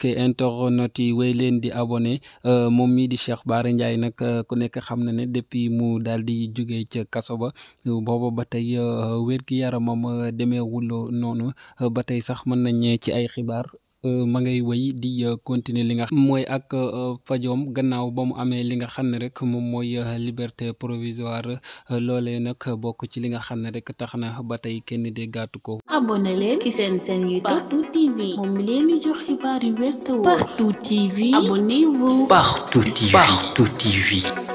ke internet yi wéy leen di abonné euh, moom mii di Cheikh Bara Ndiaye nag euh, ku nekk xam na ne depuis mu daal di jógee ca kaso ba euh, booba ba tey wér-gi-yaramam demeewul noonu ba tey sax mën nañ ci ay xibaar Euh, ma ngay wéy di euh, continuer li nga mooy ak euh, fajoom gannaaw ba mu amee li nga xam ne rek moom mooy liberté provisoire loole nag bokk ci li nga xam ne rek tax na ba tey kenn de gàttu ko. abonné leen ci seen seen YouTube Partout moom leen di jox xibaar yu wér Partout TV.